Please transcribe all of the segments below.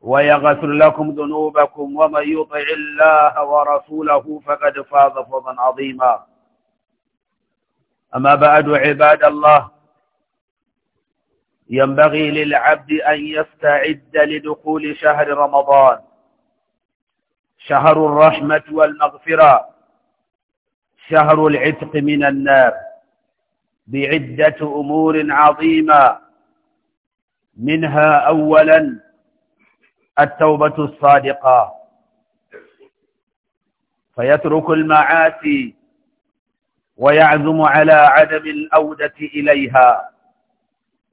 ويغفر لكم ذنوبكم ومن يطع الله ورسوله فقد فاز فوزا عظيما أما بعد عباد الله ينبغي للعبد أن يستعد لدخول شهر رمضان شهر الرحمة والمغفرة شهر العتق من النار بعدة أمور عظيمة منها أولاً التوبة الصادقة فيترك المعاصي ويعزم على عدم الأودة إليها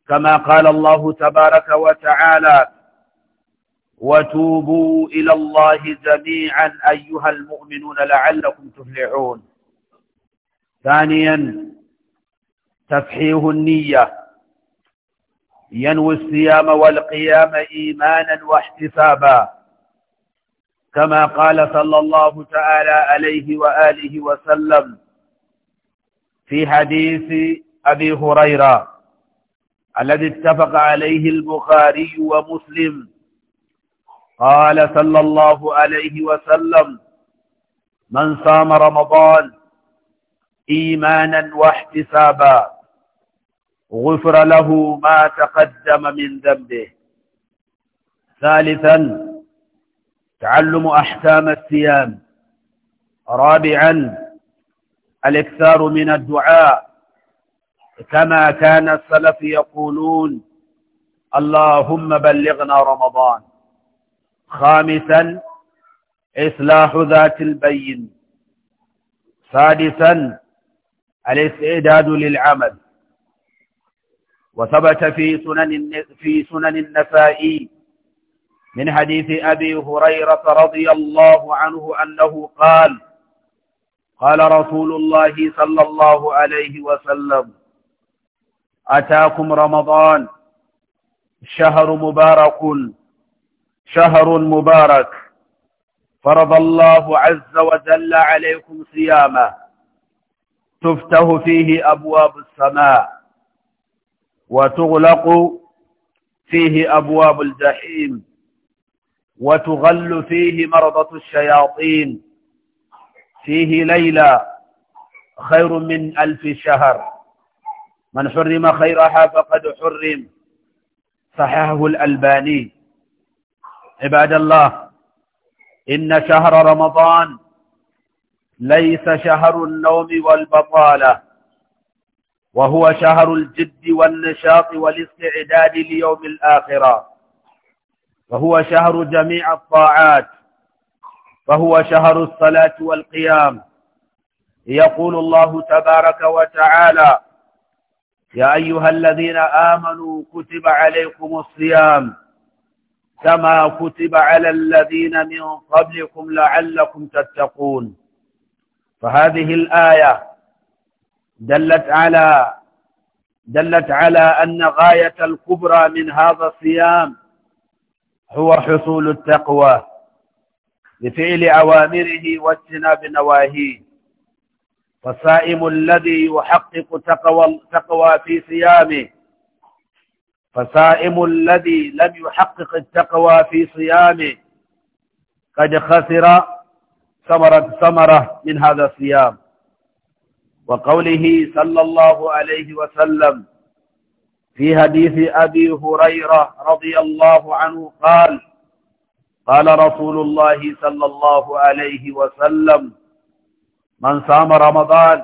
كما قال الله تبارك وتعالى وتوبوا إلى الله جميعا أيها المؤمنون لعلكم تفلحون ثانيا تفحيه النية ينوي الصيام والقيام إيمانا واحتسابا كما قال صلى الله تعالى عليه وآله وسلم في حديث أبي هريرة الذي اتفق عليه البخاري ومسلم قال صلى الله عليه وسلم من صام رمضان إيمانا واحتسابا غفر له ما تقدم من ذنبه ثالثا تعلم أحكام الصيام رابعا الاكثار من الدعاء كما كان السلف يقولون اللهم بلغنا رمضان خامسا إصلاح ذات البين سادسا الاستعداد للعمل وثبت في سنن في سنن النسائي من حديث أبي هريرة رضي الله عنه أنه قال قال رسول الله صلى الله عليه وسلم أتاكم رمضان شهر مبارك شهر مبارك فرض الله عز وجل عليكم صيامه تفتح فيه أبواب السماء وتغلق فيه أبواب الجحيم وتغل فيه مرضة الشياطين فيه ليلة خير من ألف شهر من حرم خيرها فقد حرم صححه الألباني عباد الله إن شهر رمضان ليس شهر النوم والبطالة وهو شهر الجد والنشاط والاستعداد ليوم الآخرة وهو شهر جميع الطاعات فهو شهر الصلاة والقيام يقول الله تبارك وتعالى يا أيها الذين آمنوا كتب عليكم الصيام كما كتب على الذين من قبلكم لعلكم تتقون فهذه الآية دلت على دلت على أن غاية الكبرى من هذا الصيام هو حصول التقوى بفعل أوامره واجتناب نواهيه فالصائم الذي يحقق تقوى, تقوى في صيامه فصائم الذي لم يحقق التقوى في صيامه قد خسر ثمرة ثمرة من هذا الصيام وقوله صلى الله عليه وسلم في حديث أبي هريرة رضي الله عنه قال قال رسول الله صلى الله عليه وسلم من صام رمضان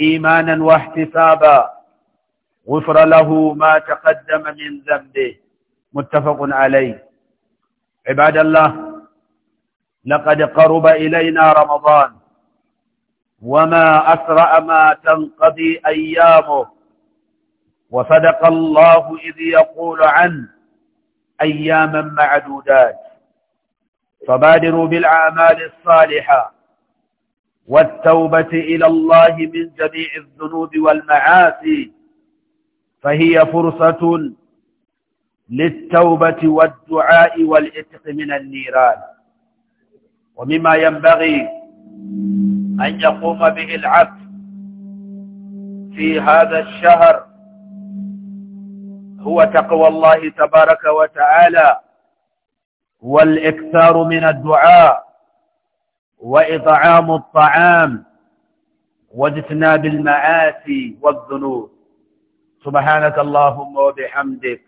إيمانا واحتسابا غفر له ما تقدم من ذنبه متفق عليه عباد الله لقد قرب إلينا رمضان وما أسرع ما تنقضي أيامه وصدق الله إذ يقول عنه أياما معدودات فبادروا بالأعمال الصالحة والتوبة إلى الله من جميع الذنوب والمعاصي فهي فرصة للتوبة والدعاء والإتق من النيران ومما ينبغي أن يقوم به العبد في هذا الشهر هو تقوى الله تبارك وتعالى والإكثار من الدعاء وإطعام الطعام واجتناب المآسي والذنوب سبحانك اللهم وبحمدك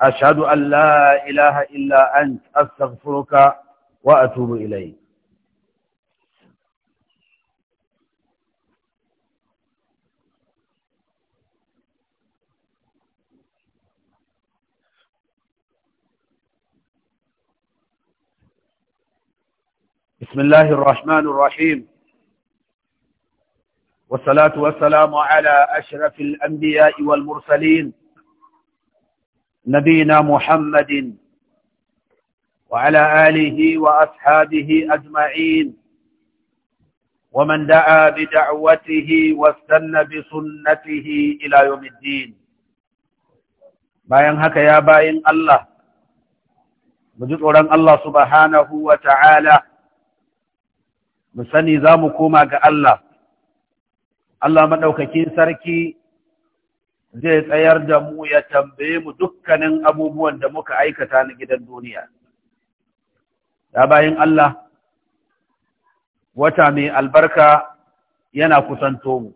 أشهد أن لا إله إلا أنت أستغفرك وأتوب إليك بسم الله الرحمن الرحيم والصلاة والسلام على أشرف الأنبياء والمرسلين نبينا محمد وعلى آله وأصحابه أجمعين ومن دعا بدعوته واستنى بسنته إلى يوم الدين bayan haka يا باين الله mu ji tsoron Allah subhanahu mu sani za mu koma ga Allah Allah maɗaukakin sarki zai tsayar da mu ya tambaye mu dukkanin abubuwan da muka aikata na gidan duniya ya bayan Allah wata mai albarka yana kusanto mu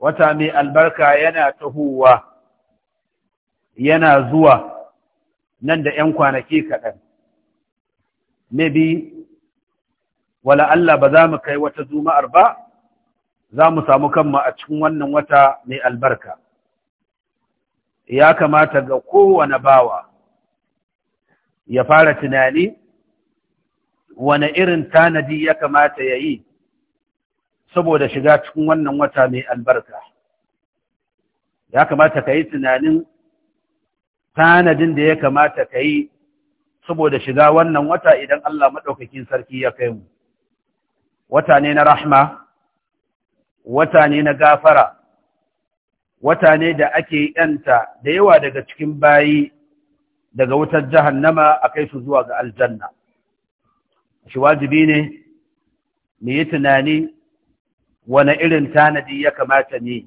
wata mai albarka yana tahowa yana zuwa nan da ‘yan kwanaki kaɗan. Maybe wala Allah ba za mu kai wata juma'ar ba za mu samu kanmu a cikin wannan wata mai albarka ya kamata ga kowane bawa ya fara tunani wane irin tanadi ya kamata ya yi saboda shiga cikin wannan wata mai albarka ya kamata ka yi tunanin tanadin da ya kamata ka yi saboda shiga wannan wata idan Allah maɗaukakin sarki ya kai mu wata ne na rahma wata ne na gafara wata ne da ake yanta da yawa daga cikin bayi daga wutar jahannama a kai su zuwa ga aljanna shi wajibi ne mu yi tunani wani irin tanadi ya kamata ne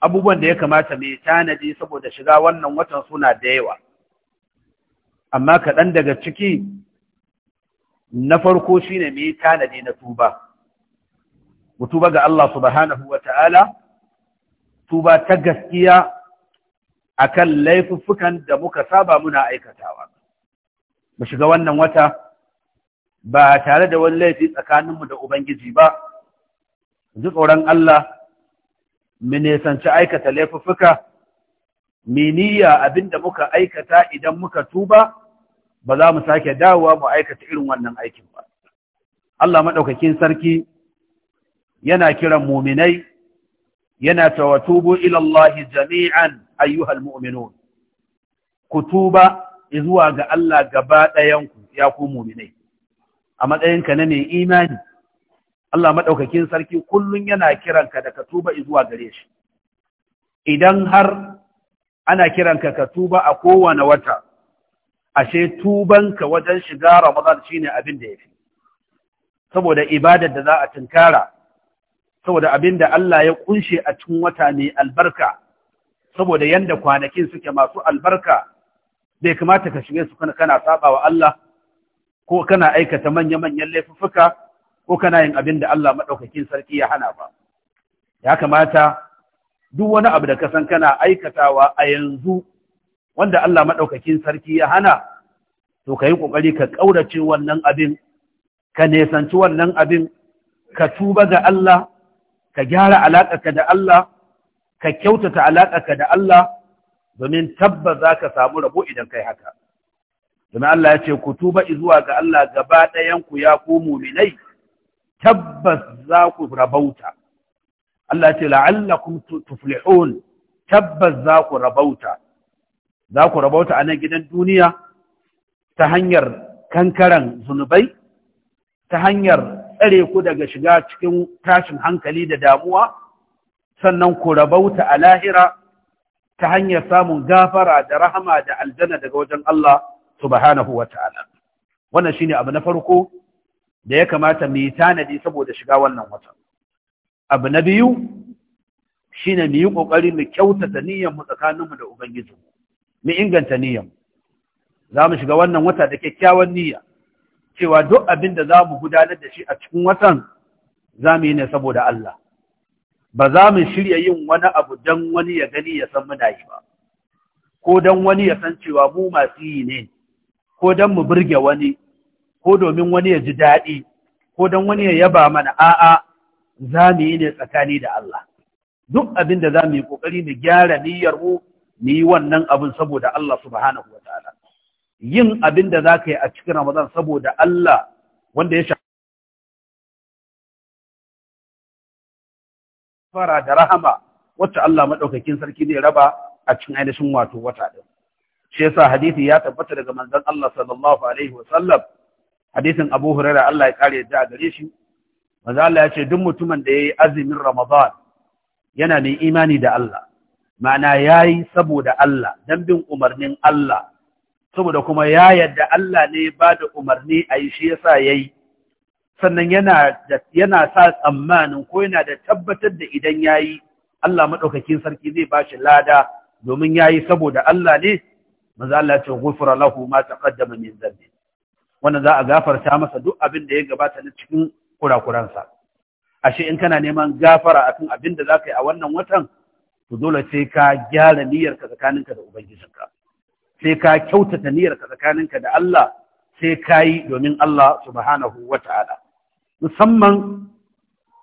abubuwan da ya kamata mai tanadi saboda shiga wannan watan suna da yawa amma kaɗan daga ciki na farko shi shine me tanadi na tuba mu tuba ga Allah subhanahu ta'ala tuba ta gaskiya akan laifuffukan da muka saba muna aikatawa mu shiga wannan wata ba tare da wani laifi tsakaninmu da ubangiji ba ji tsoron Allah mu nesanci aikata laifuffuka miniya da muka aikata idan muka tuba ba za mu sake dawowa mu aikata irin wannan aikin ba Allah maɗaukakin sarki yana kiran muminai yana tawatubu ilallahi jami'an ayyuhal mu'minun ku tuba zuwa ga Allah gaba ɗayanku ya ku muminai a matsayinka na mai imani Allah maɗaukakin sarki kullum yana kiranka da ka tuba zuwa gare shi. Idan har ana kiranka ka tuba a kowane wata, ashe tubanka wajen shiga Ramadan shine abin da yafi saboda ibadar da za a tunkara saboda abin da Allah ya kunshe a cikin wata ne albarka saboda yanda kwanakin suke masu albarka bai kamata ka shige su kana saba wa Allah ko kana aikata manya-manyan laifuffuka ko kana yin abin da Allah maɗaukakin sarki ya hana ba ya kamata duk wani abu da ka san kana aikatawa a yanzu wanda Allah maɗaukakin sarki ya hana to ka yi ƙoƙari ka ƙaurace wannan abin ka nesanci wannan abin ka tuba ga Allah ka gyara alaƙarka da Allah ka kyautata alaƙarka da Allah domin tabbas za ka samu rabo idan kai haka domin Allah ya ce ku tuba zuwa ga Allah gaba ɗayanku ya ku muminai tabbas za ku rabauta Allah ce la'allakum tuflihun tabbas za ku rabauta za ku rabauta a nan gidan duniya ta hanyar kankaran zunubai ta hanyar tsare ku daga shiga cikin tashin hankali da damuwa sannan ku rabauta a lahira ta hanyar samun gafara da rahama da aljanna daga wajen Allah subhanahu wa ta'ala wannan shine abu na farko da ya kamata mu yi tanadi saboda shiga wannan watan abu na biyu shine mu yi kokari mu kyautata niyyar mu tsakaninmu da ubangijinmu mu inganta niyyar za mu shiga wannan wata da kyakkyawan niyya cewa duk abin da za mu gudanar da shi a cikin watan za mu yi ne saboda Allah ba za mu shirya yin wani abu don wani ya gani ya san muna yi ba ko don wani ya san cewa mu masu yi ne ko don mu burge wani ko domin wani ya ji daɗi ko don wani ya yaba mana a'a za mu yi ne tsakani da Allah duk abin da za mu yi ƙoƙari mu gyara niyyar mu Ni yi wannan abin saboda Allah subhanahu wa ta'ala yin abin da za ka yi a cikin Ramadan saboda Allah wanda ya shafara da rahama wacce Allah maɗaukakin sarki zai raba a cikin ainihin wato wata ɗin. Shi yasa hadithi ya tabbata daga manzon Allah sallallahu alaihi wa sallam hadisin Abu Hurairah Allah ya kare yadda a gare shi manzo Allah ya ce duk mutumin da ya yi azumin Ramadan yana da imani da Allah mana ya yi saboda Allah don bin umarnin Allah saboda kuma ya yadda Allah ne ba da umarni a yi shi yasa ya yi sannan yana sa tsammanin ko yana da tabbatar da idan ya yi Allah maɗaukakin sarki zai ba shi lada domin ya yi saboda Allah ne maza Allah ce gufura lahu ma taqaddama min zambi wannan za a gafarta masa duk abin da ya gabata na cikin kurakuransa ashe in kana neman gafara akan abin da za ka yi a wannan watan to dole sai ka gyara niyyarka tsakaninka da ubangijinka sai ka kyautata niyyarka tsakaninka da Allah sai ka yi domin Allah subhanahu wata'ala musamman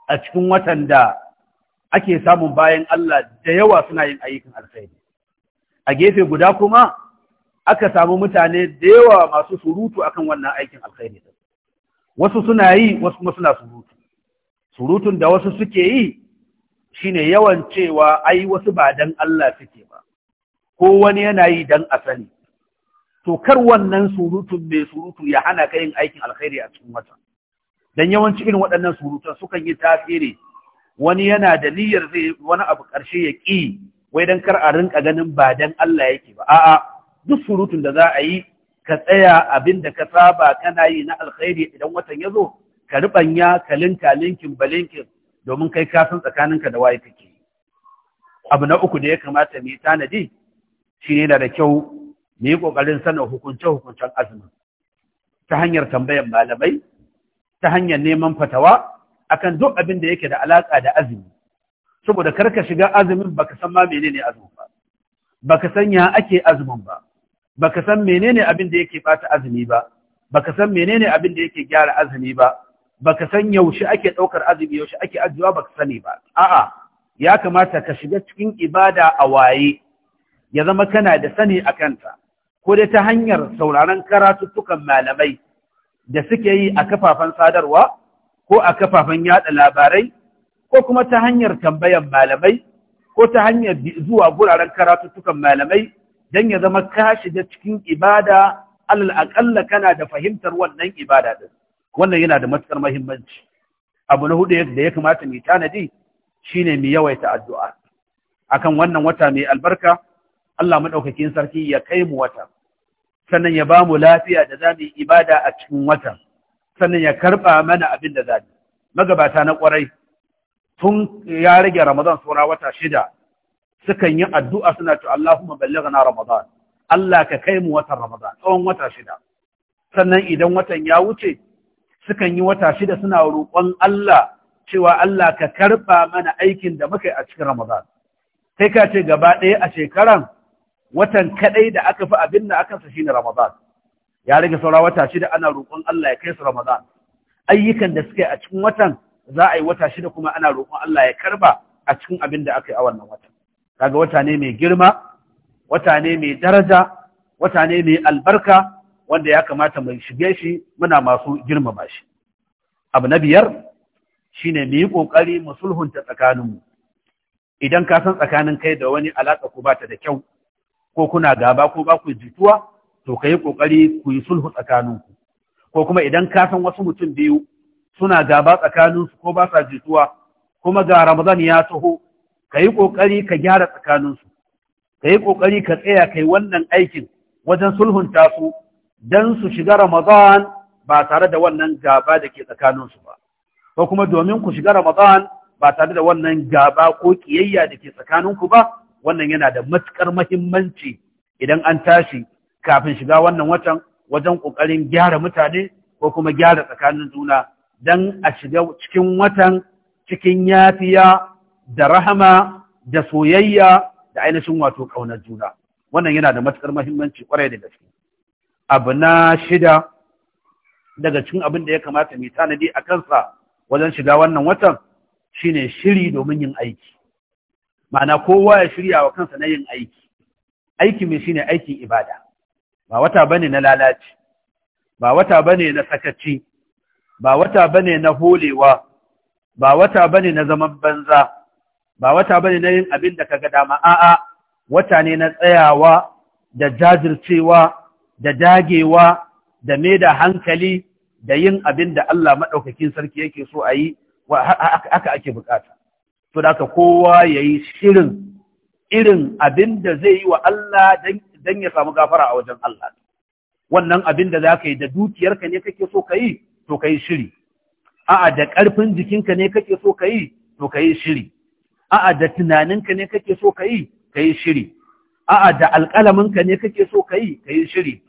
a cikin watan da ake samun bayan Allah da yawa suna yin ayyukan alkhairi a gefe guda kuma aka samu mutane da yawa masu surutu akan wannan aikin alkhairi wasu suna yi wasu kuma suna surutu surutun da wasu suke yi shine yawan cewa ai wasu ba dan Allah suke ba ko wani yana yi dan sani. to kar wannan surutun mai surutu ya hana ka yin aikin alkhairi a cikin wata dan yawanci irin waɗannan surutan sukan yi tasiri wani yana da niyyar zai wani abu ƙarshe ya ƙi wai dan kar a rinka ganin ba dan Allah yake ba a'a duk surutun da za a yi ka tsaya abin da ka saba kana yi na alkhairi idan watan ya zo ka ribanya ka linka linkin balinkin domin kai kasan tsakaninka da waye kake abu na uku da ya kamata mu yi tanadi shine da da kyau mu yi kokarin sanin hukunce hukuncen azumi ta hanyar tambayar malamai ta hanyar neman fatawa akan duk abin da yake da alaka da azumi saboda kar ka shiga azumin baka san ma menene azumin ba baka san ya ake azumin ba baka san menene abin da yake bata azumi ba baka san menene abin da yake gyara azumi ba baka san yaushe ake ɗaukar azumi yaushe ake ajiyewa baka sani ba a'a ya kamata ka shiga cikin ibada a waye ya zama kana da sani a kanta ko dai ta hanyar sauraron karatuttukan malamai da suke yi a kafafen sadarwa ko a kafafen yada labarai ko kuma ta hanyar tambayan malamai ko ta hanyar zuwa guraren karatuttukan malamai don ya zama ka shiga cikin ibada alal akalla kana da fahimtar wannan ibada din wannan yana da matukar mahimmanci abu na hudu da ya kamata mu tanadi shine mu yawaita addu'a akan wannan wata mai albarka Allah madaukakin sarki ya kai mu wata sannan ya ba mu lafiya da za mu yi ibada a cikin watan sannan ya karba mana abin da za magabata na kwarai tun ya rage Ramadan saura wata shida sukan yi addu'a suna to Allahumma ballighna Ramadan Allah ka kai mu watan Ramadan tsawon wata shida sannan idan watan ya wuce sukan yi wata shida suna roƙon Allah cewa Allah ka karɓa mana aikin da muka yi a cikin Ramadan. sai ka ce gaba ɗaya a shekaran watan kaɗai da aka fi abin da aka shi ne Ramadan. Ya rage saura wata shida ana roƙon Allah ya kai su Ramadan. Ayyukan da suka yi a cikin watan za a yi wata shida kuma ana roƙon Allah ya karɓa a cikin abin da aka yi a wannan watan. Kaga wata ne mai girma, wata ne mai daraja, wata ne mai albarka, wanda ya kamata mai shige shi muna masu girmama shi abu na biyar shi ne mu yi ƙoƙari mu sulhunta tsakaninmu idan ka san tsakanin kai da wani alaƙa ku bata da kyau ko kuna gaba ko ba ku jituwa to ka yi ƙoƙari ku yi sulhu tsakaninku ko kuma idan ka san wasu mutum biyu suna gaba tsakaninsu ko ba sa jituwa kuma ga ramadan ya taho ka yi ƙoƙari ka gyara tsakaninsu ka yi ƙoƙari ka tsaya kai wannan aikin wajen sulhunta su don su shiga Ramadan ba tare da wannan gaba da ke tsakaninsu ba, ko kuma domin ku shiga Ramadan ba tare da wannan gaba ko ƙiyayya da ke tsakaninku ba, wannan yana da matukar mahimmanci idan an tashi kafin shiga wannan watan wajen ƙoƙarin gyara mutane ko kuma gyara tsakanin juna don a shiga cikin watan cikin yafiya da rahama da soyayya da ainihin wato ƙaunar juna. Wannan yana da matukar mahimmanci kwarai da gaske. abu na shida daga cikin abin da ya kamata mai tanadi a kansa wajen shiga wannan watan shine shiri domin yin aiki ma'ana kowa ya shirya wa kansa na yin aiki aiki mai shine aikin ibada ba wata bane na lalaci ba wata bane na sakaci ba wata bane na holewa ba wata bane na zaman banza ba wata bane na yin abin da kaga dama a'a wata ne na tsayawa da jajircewa da dagewa da mai da hankali da yin abin da Allah maɗaukakin sarki yake so a yi haka ake bukata. To da aka kowa ya yi shirin irin abin da zai yi wa Allah don ya samu gafara a wajen Allah. Wannan abin da za ka yi da dukiyarka ne kake so ka yi, to ka yi shiri. A'a da ƙarfin jikinka ne kake so ka yi, to ka yi shiri. A'a da tunaninka ne kake so ka yi, ka yi shiri. a'a da alƙalaminka ne kake so ka yi ka yi shiri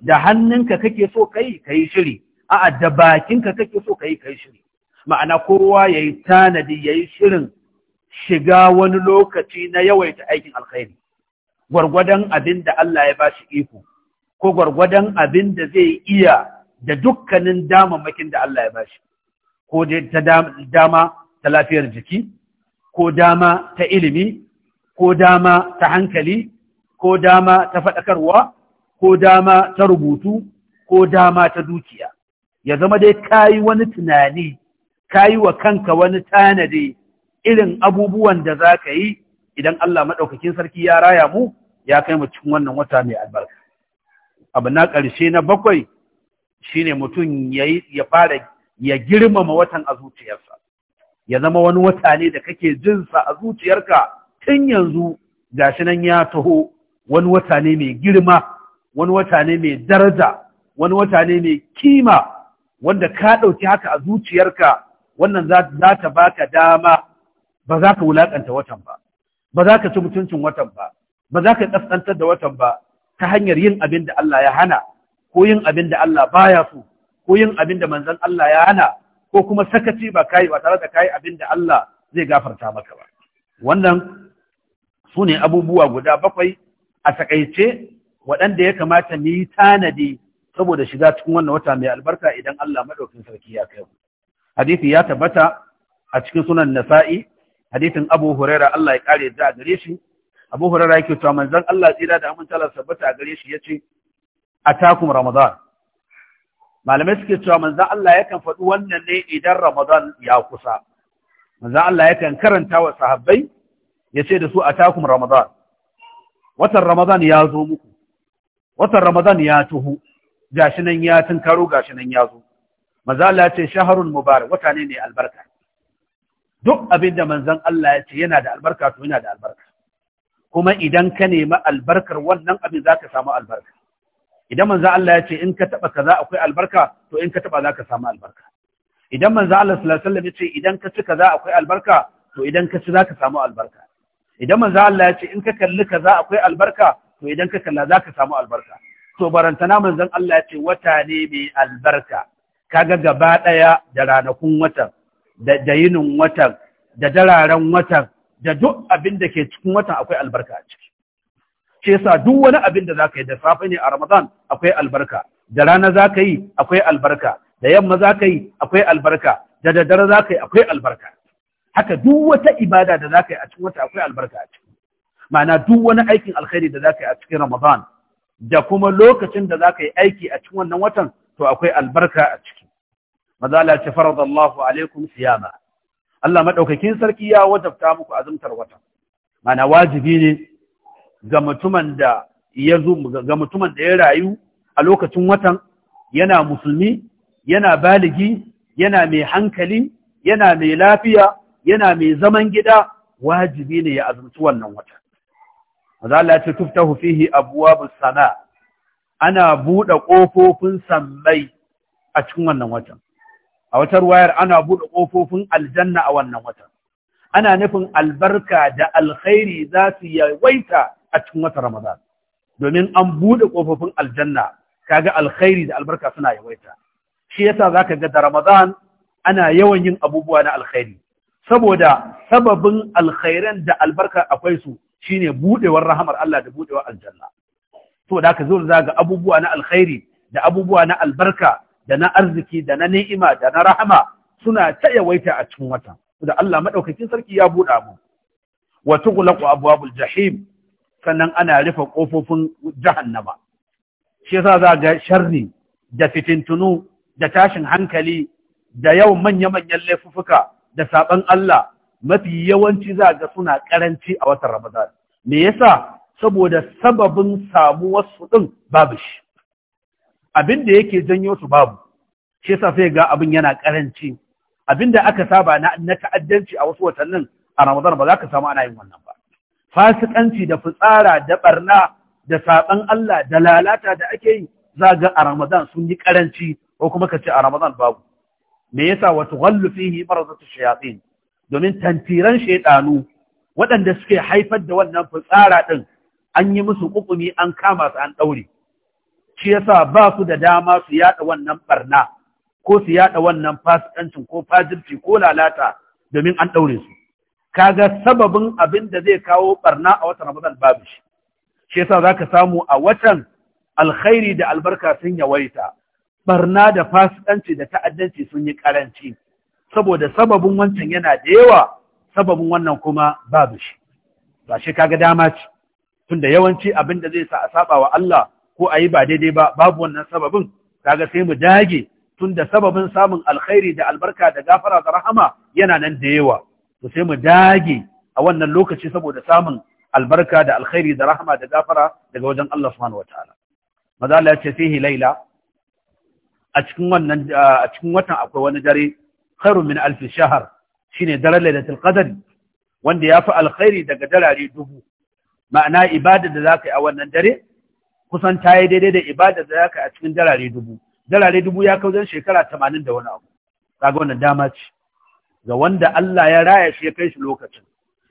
da hannunka kake so ka yi ka yi shiri a'a da bakinka kake so ka yi ka yi shiri ma'ana kowa ya yi tanadi ya yi shirin shiga wani lokaci na yawaita aikin alkhairi gwargwadon abin da Allah ya bashi iko ko gwargwadon abin da zai iya da dukkanin damammakin da Allah ya bashi ko ta dama ta lafiyar jiki ko dama ta ilimi ko dama ta hankali ko dama ta faɗakarwa ko dama ta rubutu ko dama ta dukiya ya zama dai kayi wani tunani kayi wa kanka wani tanadi irin abubuwan da za ka yi idan Allah maɗaukakin sarki ya raya mu ya kai mu cikin wannan wata mai albarka abu na ƙarshe na bakwai shine mutum ya fara ya girmama watan a zuciyarsa ya zama wani wata ne da kake jinsa a zuciyarka tun yanzu gashi nan ya taho wani wata ne mai girma wani wata ne mai daraja wani wata ne mai kima wanda ka ɗauki haka a zuciyarka wannan za ta baka dama ba za ka wulaƙanta watan ba ba za ka ci mutuncin watan ba ba za ka ƙasƙantar da watan ba ta hanyar yin abin da Allah ya hana ko yin abin da Allah baya so ko yin abin da manzon Allah ya hana ko kuma sakaci ba ka yi ba tare da ka yi abin da Allah zai gafarta maka ba wannan su ne abubuwa guda bakwai a takaice waɗanda ya kamata mu yi tanadi saboda shiga cikin wannan wata mai albarka idan Allah madaukakin sarki ya kai mu hadisi ya tabbata a cikin sunan nasa'i hadisin abu huraira Allah ya kare da gare shi abu huraira yake cewa manzon Allah tsira da aminta Allah sabbata a gare shi yace atakum ramadan malamai suke cewa manzon Allah yakan faɗi wannan ne idan ramadan ya kusa manzon Allah yakan karanta wa sahabbai yace da su atakum ramadan watan Ramadan ya zo muku watan Ramadan ya tuhu gashi nan ya tunkaro gashi nan ya zo Maza Allah ya ce shahrul mubarak wata ne mai albarka duk abin da manzon Allah ya ce yana da albarka to yana da albarka kuma idan ka nemi albarkar wannan abin za ka samu albarka idan manzo Allah ya ce in ka taba kaza akwai albarka to in ka taba ka samu albarka idan manzo Allah sallallahu alaihi wasallam ya ce idan ka ci kaza akwai albarka to idan ka ci za ka samu albarka idan manzo Allah ya ce in ka kalli kaza akwai albarka to idan ka kalla zaka samu albarka to barantana manzon Allah ya ce wata ne mai albarka kaga gaba daya da ranakun watan da dayinin watan da dararen watan da duk abin da ke cikin watan akwai albarka a ciki ce sa duk wani abin da zaka yi da safe ne a Ramadan akwai albarka da rana zaka yi akwai albarka da yamma zaka yi akwai albarka da daddare zaka yi akwai albarka haka duk wata ibada da zaka yi a cikin wata akwai albarka a ciki ma'ana duk wani aikin alkhairi da zaka yi a cikin Ramadan da kuma lokacin da zaka yi aiki a cikin wannan watan to akwai albarka a ciki maza Allah faradallahu alaikum siyama Allah madaukakin sarki ya wajabta muku azumtar watan ma'ana wajibi ne ga mutumin da ya zo ga mutumin da ya rayu a lokacin watan yana musulmi yana baligi yana mai hankali yana mai lafiya yana mai zaman gida wajibi ne ya azumci wannan wata maza Allah ce tuftahu fihi abwabus sama ana buɗe ƙofofin sammai a cikin wannan watan a wata ruwayar ana buɗe ƙofofin aljanna a wannan watan ana nufin albarka da alkhairi za su yawaita a cikin wata ramadan domin an buɗe ƙofofin aljanna kaga alkhairi da albarka suna yawaita shi yasa zaka ga da ramadan ana yawan yin abubuwa na alkhairi saboda sababin alkhairan da albarka akwai su shine budewar rahamar Allah da budewar aljanna to da ka zo za ga abubuwa na alkhairi da abubuwa na albarka da na arziki da na ni'ima da na rahama suna ta yawaita a cikin wata da Allah madaukakin sarki ya buɗe mu wa tughlaqu abwabul jahim sannan ana rufe kofofin jahannama shi yasa za ga sharri da fitintunu da tashin hankali da yawan manya-manyan laifuffuka da saban Allah mafi yawanci za ga suna karanci a watan Ramadan me yasa saboda sababin samuwar su din babu shi abin da yake janyo su babu shi yasa sai ga abin yana karanci abin da aka saba na na ta'addanci a wasu watannin a Ramadan ba za ka samu ana yin wannan ba fasikanci da fitsara da barna da saban Allah da lalata da ake yi za ga a Ramadan sun yi karanci ko kuma ka ce a Ramadan babu me yasa wa tughallu fihi maradatu shayatin domin tantiran shaydanu waɗanda suke haifar da wannan fitsara din an yi musu kukumi an kama su an daure shi yasa ba su da dama su yada wannan barna ko su yada wannan fasikancin ko fajirci ko lalata domin an daure su kaga sababin abin da zai kawo barna a watan Ramadan babu shi shi yasa zaka samu a watan alkhairi da albarka sun yawaita barna da fasikanci da ta'addanci sun yi karanci saboda sababin wancan yana da yawa sababin wannan kuma babu shi ba shi kaga dama ce tunda yawanci abin da zai sa a saba wa Allah ko a yi ba daidai ba babu wannan sababin kaga sai mu dage tunda sababin samun alkhairi da albarka da gafara da rahama yana nan da yawa to sai mu dage a wannan lokaci saboda samun albarka da alkhairi da rahama da gafara daga wajen Allah subhanahu wataala maza Allah ya ce laila a cikin wannan a cikin watan akwai wani dare khairun min alf shahr shine daren lailatul qadr wanda ya fi alkhairi daga darare dubu ma'ana ibada da za ka yi a wannan dare kusan ta yi daidai da ibada da za ka yi a cikin darare dubu darare dubu ya kawo zan shekara tamanin da wani abu kaga wannan dama ce ga wanda Allah ya raya shi ya kai shi lokacin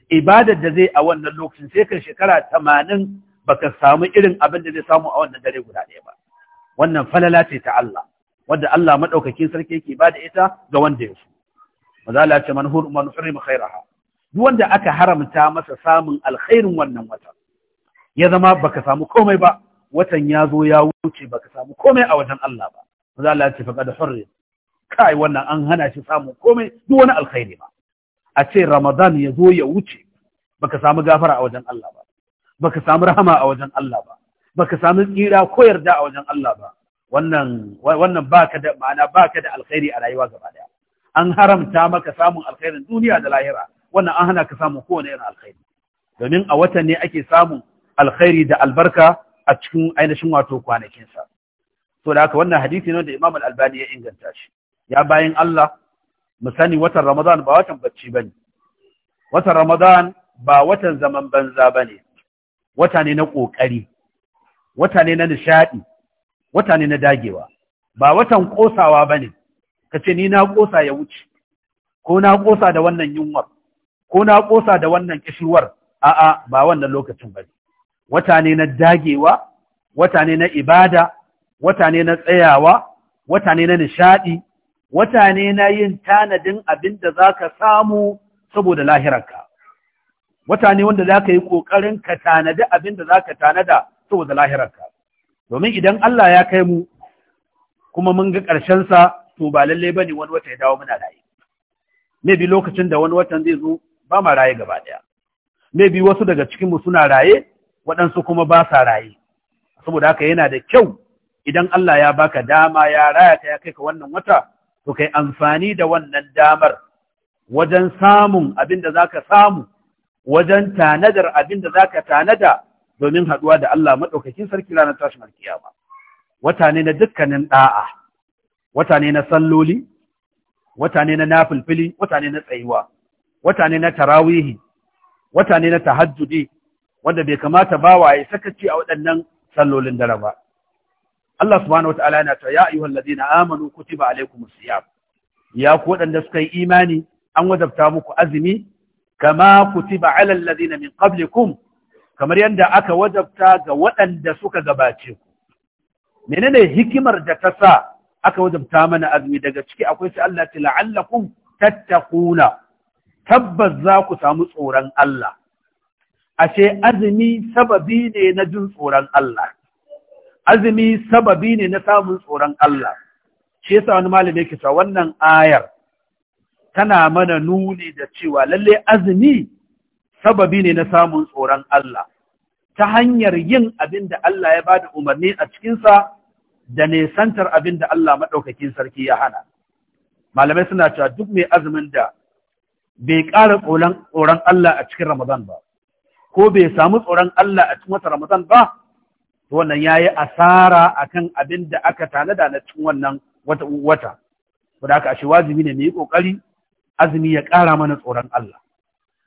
ibadar da zai a wannan lokacin sai kai shekara 80 baka samu irin abin da zai samu a wannan dare guda ɗaya ba wannan falala ce ta Allah wadda Allah maɗaukakin sarki yake bada ita ga wanda ya fi. mazala ce man hur khairaha duk wanda aka haramta masa samun alkhairin wannan wata ya zama baka samu komai ba watan ya zo ya wuce baka samu komai a wajen Allah ba mazala ce faqad hurrim kai wannan an hana shi samun komai duk wani alkhairi ba a ce Ramadan ya zo ya wuce baka samu gafara a wajen Allah ba baka samu rahama a wajen Allah ba baka samu tsira ko yarda a wajen Allah ba wannan wannan baka da ma'ana baka da alkhairi a rayuwa gaba daya an haramta maka samun alkhairin duniya da lahira wannan an hana ka samun kowane irin alkhairi domin a watan ne ake samun alkhairi da albarka a cikin ainihin wato kwanakinsa to da haka wannan hadisi ne da Imam Al-Albani ya inganta shi ya bayin Allah mu sani watan Ramadan ba watan bacci bane watan Ramadan ba watan zaman banza bane wata ne na kokari wata ne na nishadi wata ne na dagewa ba watan ƙosawa ba ne ka ce ni na ƙosa ya wuce ko na ƙosa da wannan yunwar ko na ƙosa da wannan kishirwar a'a ba wannan lokacin ba ne wata ne na dagewa wata ne na ibada wata ne na tsayawa wata ne na nishaɗi wata ne na yin tanadin abin da za ka samu saboda lahirarka wata ne wanda za ka yi ƙoƙarin ka tanadi abin da za ka tanada saboda lahirarka domin idan Allah ya kai mu kuma mun ga ƙarshensa to ba lalle ba ne wani wata ya dawo muna raye bi lokacin da wani watan zai zo ba ma raye gaba ɗaya bi wasu daga cikinmu suna raye waɗansu kuma ba sa raye saboda haka yana da kyau idan Allah ya baka dama ya raya ka ya kai ka wannan wata to kai amfani da wannan damar wajen samun abin da zaka samu wajen tanadar abin da zaka tanada domin haɗuwa da Allah maɗaukakin sarki ranar tashin alkiyama wata ne na dukkanin ɗa'a wata ne na salloli wata ne na nafilfili wata ne na tsayuwa wata ne na tarawihi wata ne na tahajjudi wanda bai kamata wa ya sakaci a waɗannan sallolin dare ba Allah subhanahu ta'ala yana cewa ya ayyuhal ladina amanu kutiba alaykumus siyam ya ku waɗanda suka yi imani an wadabta muku azumi kama kutiba alal ladina min qablikum kamar yadda aka wajabta ga waɗanda suka gabace ku menene hikimar da ta sa aka wajabta mana azumi daga ciki akwai su Allah ta la’allakun tattakuna, tabbas za ku samu tsoron Allah ashe azumi sababi ne na jin tsoron Allah azumi sababi ne na samun tsoron Allah shi yasa wani malami yake cewa wannan ayar tana mana nuni da cewa lallai azumi sababi ne na samun tsoron Allah ta hanyar yin abin da Allah ya ba da umarni a cikinsa da nesantar abin da Allah maɗaukakin sarki ya hana. Malamai suna cewa duk mai azumin da bai ƙara tsoron Allah a cikin Ramadan ba, ko bai samu tsoron Allah a cikin wata Ramadan ba, wannan ya yi asara a kan abin da aka tanada na cikin wannan wata. Wadda aka ashe wajibi ne mai ƙoƙari, azumi ya ƙara mana tsoron Allah.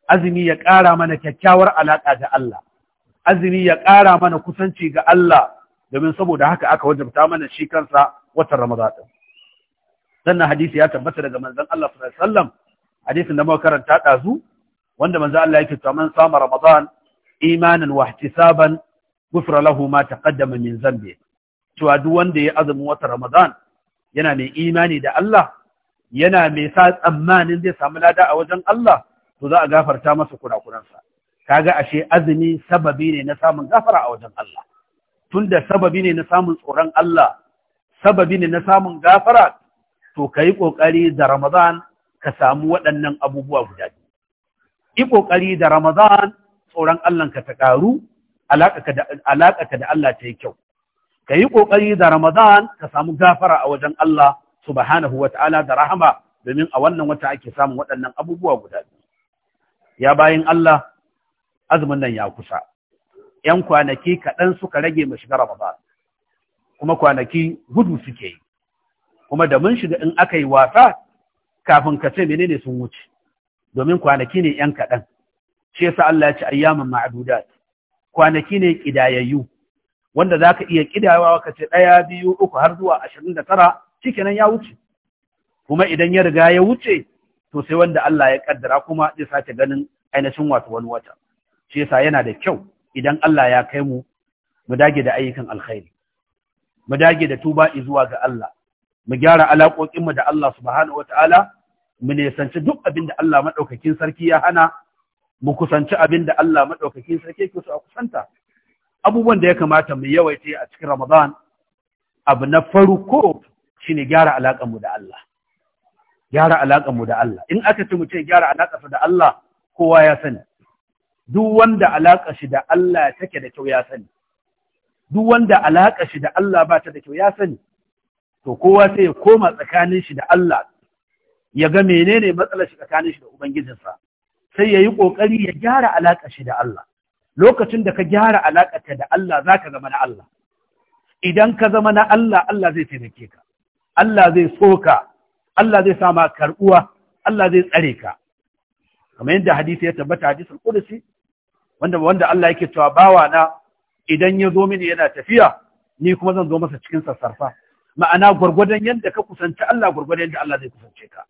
azumi ya ƙara mana kyakkyawar alaƙa da Allah azumi ya ƙara mana kusanci ga Allah domin saboda haka aka wajabta mana shi kansa watan Ramadan sannan hadisi ya tabbata daga manzan Allah sallallahu alaihi hadisin da muka karanta wanda manzan Allah yake cewa man sama Ramadan imanin wa ihtisaban gufra lahu ma taqaddama min zambi cewa duk wanda ya azumin watan Ramadan yana mai imani da Allah yana mai sa tsammanin zai samu lada a wajen Allah to za a gafarta masa kurakuransa kaga ashe azumi sababi ne na samun gafara a wajen Allah tunda sababi ne na samun tsoron Allah sababi ne na samun gafara to kai kokari da Ramadan ka samu waɗannan abubuwa guda biyu yi kokari da Ramadan tsoron Allah ka ta karu alaƙaka da Allah ta yi kyau ka yi kokari da Ramadan ka samu gafara a wajen Allah subhanahu wata'ala da rahama domin a wannan wata ake samun waɗannan abubuwa guda biyu ya bayan Allah azumin nan ya kusa ‘yan kwanaki kaɗan suka rage mu shiga Ramadan kuma kwanaki gudu suke yi kuma da mun shiga in aka yi wasa kafin ka ce menene sun wuce domin kwanaki ne ‘yan kaɗan shi yasa Allah ya ci ayyamin ma'adudat kwanaki ne kidayayyu. wanda za ka iya ƙidawa ka ce ɗaya biyu uku har zuwa ashirin da tara cikinan ya wuce kuma idan ya riga ya wuce to sai wanda Allah ya kaddara kuma zai sake ganin ainihin wato wani wata shi yasa yana da kyau idan Allah ya kai mu mu dage da ayyukan alkhairi mu dage da tuba zuwa ga Allah mu gyara mu da Allah subhanahu wataala mu nisanci duk abin da Allah madaukakin sarki ya hana mu kusanci abin da Allah madaukakin sarki yake so a kusanta abubuwan da ya kamata mu yawaita a cikin Ramadan abu na farko shine gyara alaƙar mu da Allah gyara alaƙar mu da Allah in aka ce mu gyara alaƙar da Allah kowa ya sani duk wanda alaƙar shi da Allah take da kyau ya sani duk wanda alaƙar shi da Allah ba ta da kyau ya sani to kowa sai ya koma tsakanin shi da Allah ya ga menene matsalar shi tsakanin shi da ubangijinsa sai ya yi ƙoƙari ya gyara alaƙar shi da Allah lokacin da ka gyara alaƙarka da Allah za ka zama na Allah idan ka zama na Allah Allah zai taimake ka Allah zai so ka Allah zai sa ma karbuwa Allah zai tsare ka kamar yadda hadisi ya tabbata hadisar qudsi wanda wanda Allah yake cewa bawa na idan ya zo mini yana tafiya ni kuma zan zo masa cikin sassarfa ma'ana gwargwadon yadda ka kusanci Allah gwargwadon yadda Allah zai kusance ka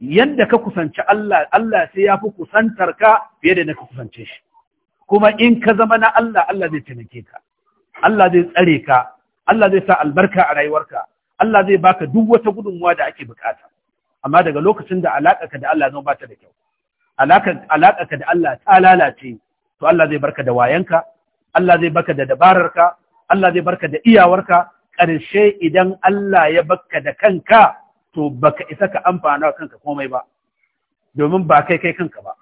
yadda ka kusanci Allah Allah sai ya fi kusantar ka fiye da na ka kusance shi kuma in ka zama na Allah Allah zai taimake ka Allah zai tsare ka Allah zai sa albarka a rayuwarka Allah zai baka duk wata gudunmuwa da ake bukata amma daga lokacin da alaƙarka da Allah zama bata da kyau alaƙarka da Allah ta lalace to Allah zai barka da wayanka Allah zai barka da dabararka Allah zai barka da iyawarka ƙarshe idan Allah ya barka da kanka to baka isa ka amfana kanka komai ba domin ba kai kai kanka ba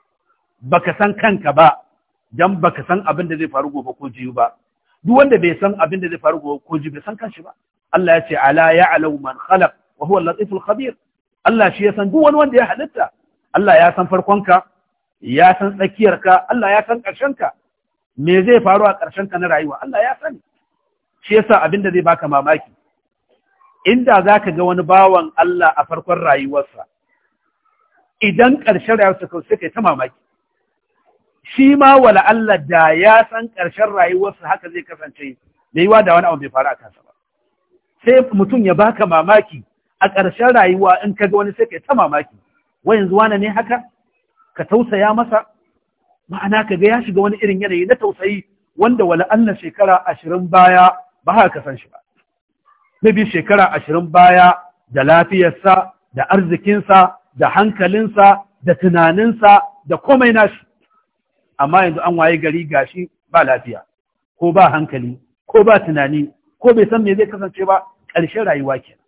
baka san kanka ba don baka san abin da zai faru gobe ko jiyu ba duk wanda bai san abin da zai faru gobe ko jiyu bai san kanshi ba Allah ya ce ala ya'lamu man khalaq wa huwa al-latiful khabir Allah shi ya san duk wani wanda ya halitta Allah ya san farkonka ya san tsakiyarka Allah ya san karshenka. me zai faru a karshenka na rayuwa Allah ya sani shi yasa abin da zai baka mamaki inda zaka ga wani bawan Allah a farkon rayuwarsa idan karshen rayuwarsa kawai sai kai ta mamaki shi ma wala Allah da ya san karshen rayuwarsa haka zai kasance da yiwa da wani abu bai faru a kansa sai mutum ya baka mamaki a ƙarshen rayuwa in ka ga wani sai ka yi ta mamaki wai yanzu wani ne haka ka tausaya masa ma'ana ka ga ya shiga wani irin yanayi na tausayi wanda wala Allah shekara ashirin baya ba haka ka san shi ba biyu shekara ashirin baya da lafiyarsa da arzikinsa da hankalinsa da tunaninsa da komai nashi amma yanzu an waye gari gashi ba lafiya ko ba hankali ko ba tunani ko bai san me zai kasance ba ƙarshen rayuwa kenan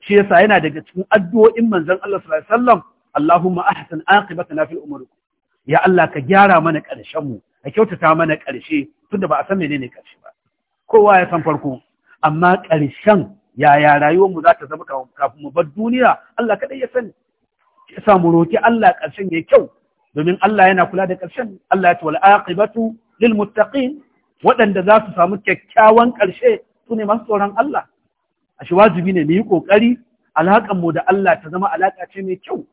shi yasa yana daga cikin addu'o'in manzon Allah sallallahu alaihi wasallam Allahumma ahsan aqibatana fil umur ya Allah ka gyara mana ƙarshen mu ka kyautata mana ƙarshe tunda ba a san menene ƙarshe ba kowa ya san farko amma ƙarshen yaya rayuwar mu za ta zama kafin mu bar duniya Allah kaɗai ya sani shi yasa mu roki Allah ƙarshen ya kyau domin Allah yana kula da ƙarshen Allah ya ce wal aqibatu lil muttaqin waɗanda za su samu kyakkyawan ƙarshe su ne masu tsoron Allah A shi wajibi ne mu yi ƙoƙari? alaƙan mu da Allah ta zama alaƙa ce mai kyau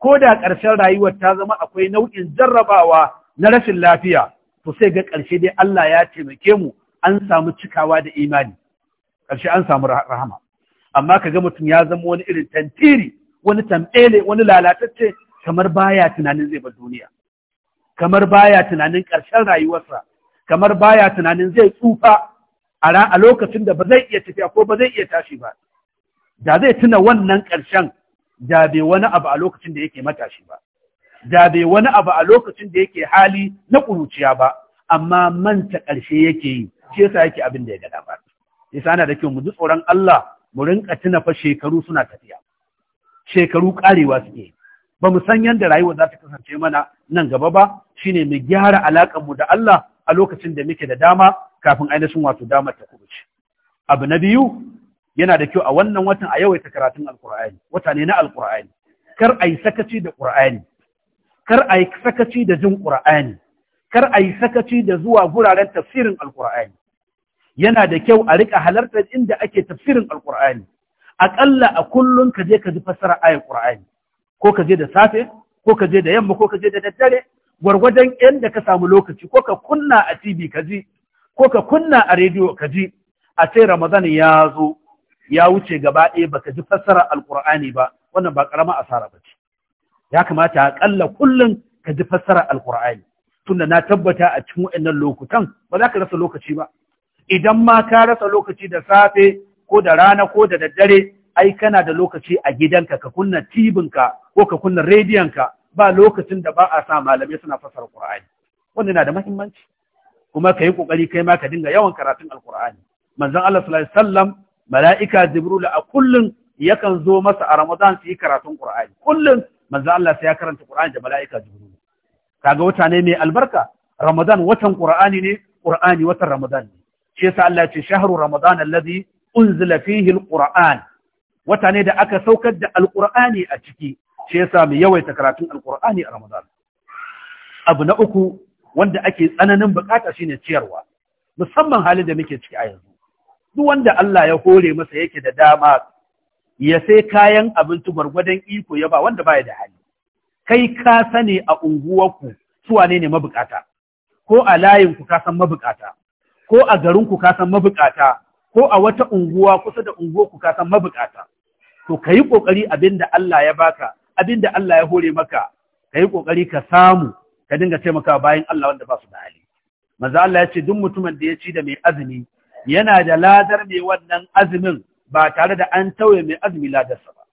ko da ƙarshen rayuwar ta zama akwai nau'in jarrabawa na rashin lafiya to sai ga ƙarshe dai Allah ya taimake mu an samu cikawa da imani ƙarshe an samu rahama amma ka ga mutum ya zama wani irin tantiri wani tambele wani lalatacce kamar baya tunanin zai bar duniya kamar baya tunanin ƙarshen rayuwarsa kamar baya tunanin zai tsufa a lokacin da ba zai iya tafiya ko ba zai iya tashi ba da zai tuna wannan ƙarshen da bai wani abu a lokacin da yake matashi ba da bai wani abu a lokacin da yake hali na ƙuruciya ba amma manta ƙarshe yake yi shi yasa yake abin da ya gada ba yasa ana da kyau mu ji tsoron Allah mu rinka tuna fa shekaru suna tafiya shekaru ƙarewa suke ba mu san yadda rayuwa za ta kasance mana nan gaba ba shine mu gyara alaƙarmu da Allah a lokacin da muke da dama kafin ainihin wato damar ta kubuce abu na biyu yana da kyau a wannan watan a yawaita karatun alkur'ani wata ne na alkur'ani kar a yi sakaci da ƙur'ani kar a yi sakaci da jin ƙur'ani kar a yi sakaci da zuwa guraren tafsirin alkur'ani yana da kyau a riƙa halartar inda ake tafsirin alkur'ani aƙalla a kullum ka je ka ji fassara ayar ƙur'ani ko ka je da safe ko ka je da yamma ko ka je da daddare gwargwadon yadda ka samu lokaci ko ka kunna a TV ka ji ko ka kunna a rediyo ka ji a ce Ramadan ya zo ya wuce gaba ɗaya ka ji fassara Alƙur'ani ba wannan ba ƙarama asara ba ce ya kamata a ƙalla kullum ka ji fassara Alƙur'ani tunda na tabbata a cikin waɗannan lokutan ba za ka rasa lokaci ba idan ma ka rasa lokaci da safe ko da rana ko da daddare ai kana da lokaci a gidanka ka kunna tibinka ko ka kunna rediyonka ba lokacin da ba a sa malamai suna fassara Al-ƙur'ani. wannan na da muhimmanci kuma ka yi ƙoƙari kai ma ka dinga yawan karatun alƙur'ani manzon Allah sallallahu alaihi wasallam mala'ika jibrilu a kullun yakan zo masa a ramadan su yi karatun ƙur'ani kullun manzon Allah sai ya karanta ƙur'ani da mala'ika jibril kaga wata ne mai albarka ramadan watan ƙur'ani ne ƙur'ani watan ramadan ne shi yasa Allah ya ce shahru ramadan alladhi unzila fihi alquran wata ne da aka saukar da alqurani a ciki shi yasa mu yawaita karatun alqurani a ramadan abu na uku wanda ake tsananin bukata shine ciyarwa musamman halin da muke ciki a yanzu duk wanda Allah ya hore masa yake da dama ya sai kayan abinci gwargwadon iko ya ba wanda baya da hali kai ka sani a unguwarku su wane ne mabukata ko a layinku ka san mabukata ko a garinku ka san mabukata ko a wata unguwa kusa da unguwarku ka san mabukata to ka yi abinda Allah ya baka abinda Allah ya hore maka ka yi ƙoƙari ka samu ka dinga taimaka bayan Allah wanda ba su da hali Maza Allah ya ce duk mutumin da ya ci da mai azumi yana da ladar mai wannan azumin ba tare da an tauye mai azumi ladarsa ba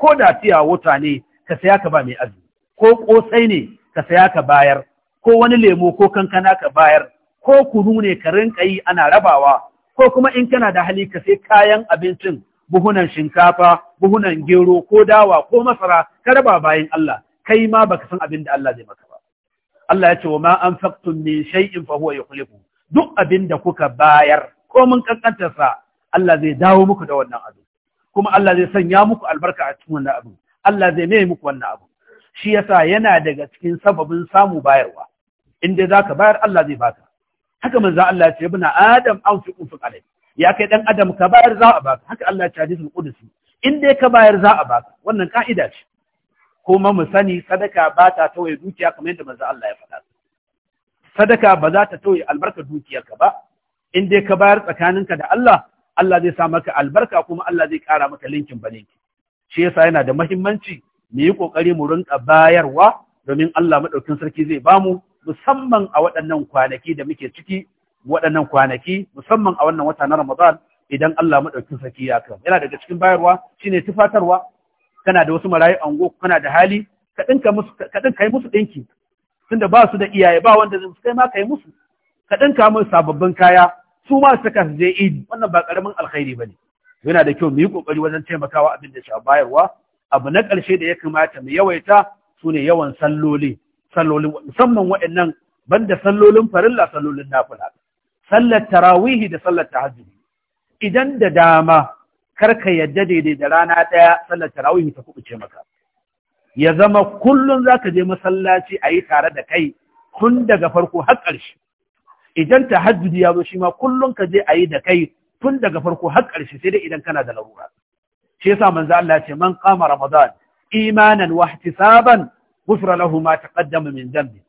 ko da fiya wuta ne ka saya ka ba mai azumi ko kosai ne ka saya ka bayar ko wani lemo ko kankana ka bayar ko kunu ne ka rinka yi ana rabawa ko kuma in kana da hali ka sai kayan abincin buhunan shinkafa buhunan gero ko dawa ko masara ka raba bayan Allah kai ma baka san abin da Allah zai maka ba Allah ya ce wa ma an anfaqtum min shay'in fa huwa yukhlifu duk abin da kuka bayar ko mun kankanta sa Allah zai dawo muku da wannan abu kuma Allah zai sanya muku albarka a cikin wannan abu Allah zai mai muku wannan abu shi yasa yana daga cikin sababin samu bayarwa in dai zaka bayar Allah zai baka haka manzo Allah ya ce ibn adam an fi alai. ya kai dan adam ka bayar za a baka haka Allah ya ce hadisul qudsi in dai ka bayar za a baka wannan ka'ida ce kuma mu sani sadaka ba ta tawaye dukiya kamar yadda manzo Allah ya faɗa sadaka ba za ta tawaye albarka dukiyarka ba in dai ka bayar tsakaninka da Allah Allah zai sa maka albarka kuma Allah zai ƙara maka linkin balinki shi yasa yana da muhimmanci mu yi kokari mu rinka bayarwa domin Allah madaukin sarki zai ba mu musamman a waɗannan kwanaki da muke ciki waɗannan kwanaki musamman a wannan wata na Ramadan idan Allah madaukin sarki ya kama yana daga cikin bayarwa shine tufatarwa kana da wasu marayu ango kana da hali ka dinka musu ka dinka yi musu dinki tunda ba su da iyaye ba wanda zai kai ma kai musu ka dinka musu sababbin kaya su ma su saka je idi wannan ba karamin alkhairi bane yana da kyau mu yi ƙoƙari wajen taimakawa abin da shafa bayarwa abu na ƙarshe da ya kamata mu yawaita su ne yawan salloli musamman waɗannan banda sallolin farilla sallolin nafila sallar tarawihi da sallar tahajjudi idan da dama kar ka yadda daidai da rana ɗaya sallar tarawih ta kubuce maka ya zama kullum za ka je masallaci a yi tare da kai tun daga farko har ƙarshe idan ta ya zo shi ma kullum ka je a yi da kai tun daga farko har ƙarshe sai dai idan kana da larura shi yasa manzo Allah ce man qama ramadan imanan wa ihtisaban ghufra lahu ma taqaddama min dhanbi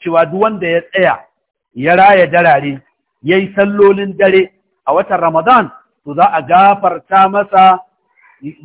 cewa duk wanda ya tsaya ya raya darare yayi sallolin dare a watan ramadan to za a gafarta masa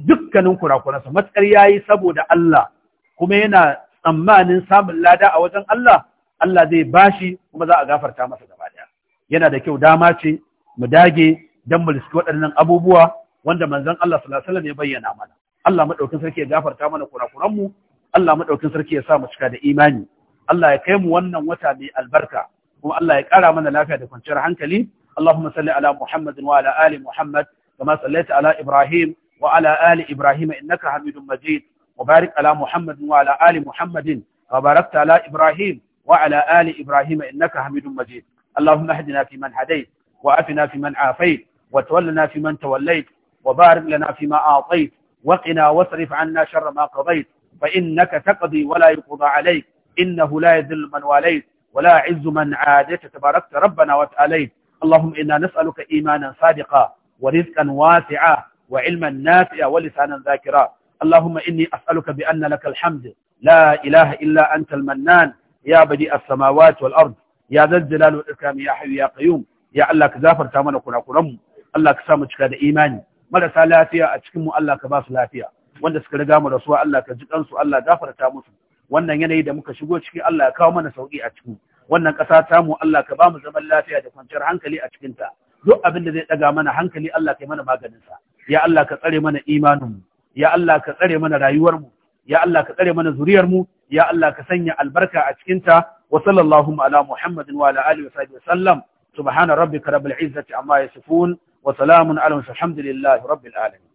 dukkanin kurakuransa matsar yayi saboda Allah kuma yana tsammanin samun lada a wajen Allah Allah zai bashi kuma za a gafarta masa gaba daya yana da kyau dama ce mu dage dan mu waɗannan abubuwa wanda manzon Allah sallallahu alaihi wasallam ya bayyana mana Allah madaukin sarki ya gafarta mana kurakuran mu Allah madaukin sarki ya sa mu cika da imani Allah ya kai mu wannan wata mai albarka kuma Allah ya ƙara mana lafiya da kwanciyar hankali اللهم صل على محمد وعلى آل محمد كما صليت على إبراهيم وعلى آل إبراهيم إنك حميد مجيد وبارك على محمد وعلى آل محمد وباركت على إبراهيم وعلى آل إبراهيم إنك حميد مجيد اللهم اهدنا فيمن هديت وعافنا فيمن عافيت وتولنا فيمن توليت وبارك لنا فيما أعطيت وقنا واصرف عنا شر ما قضيت فإنك تقضي ولا يقضى عليك إنه لا يذل من واليت ولا عز من عاديت تباركت ربنا وتعاليت اللهم إنا نسألك إيمانا صادقا ورزقا واسعا وعلما نافعا ولسانا ذاكرا اللهم إني أسألك بأن لك الحمد لا إله إلا أنت المنان يا بديع السماوات والأرض يا ذا الجلال والإكرام يا حي يا قيوم يا الله كذافر تامنا كنا كرم الله كسامة كذا إيماني marasa lafiya a cikinmu Allah ka ba su lafiya wanda suka riga mu rasuwa Allah ka ji kansu Allah gafarta musu wannan yanayi da muka shigo ciki Allah ya kawo mana sauki a ciki wannan ƙasa tamu Allah ka ba mu zaman lafiya da kwanciyar hankali a cikinta duk abin da zai ɗaga mana hankali Allah ka yi mana maganinsa ya Allah ka tsare mana imaninmu ya Allah ka tsare mana rayuwarmu ya Allah ka tsare mana zuriyarmu ya Allah ka sanya albarka a cikinta wa sallallahu ala muhammadin wa ala alihi wa sahbihi sallam subhana rabbika rabbil izzati amma yasifun wa salamun ala alhamdulillahi rabbil alamin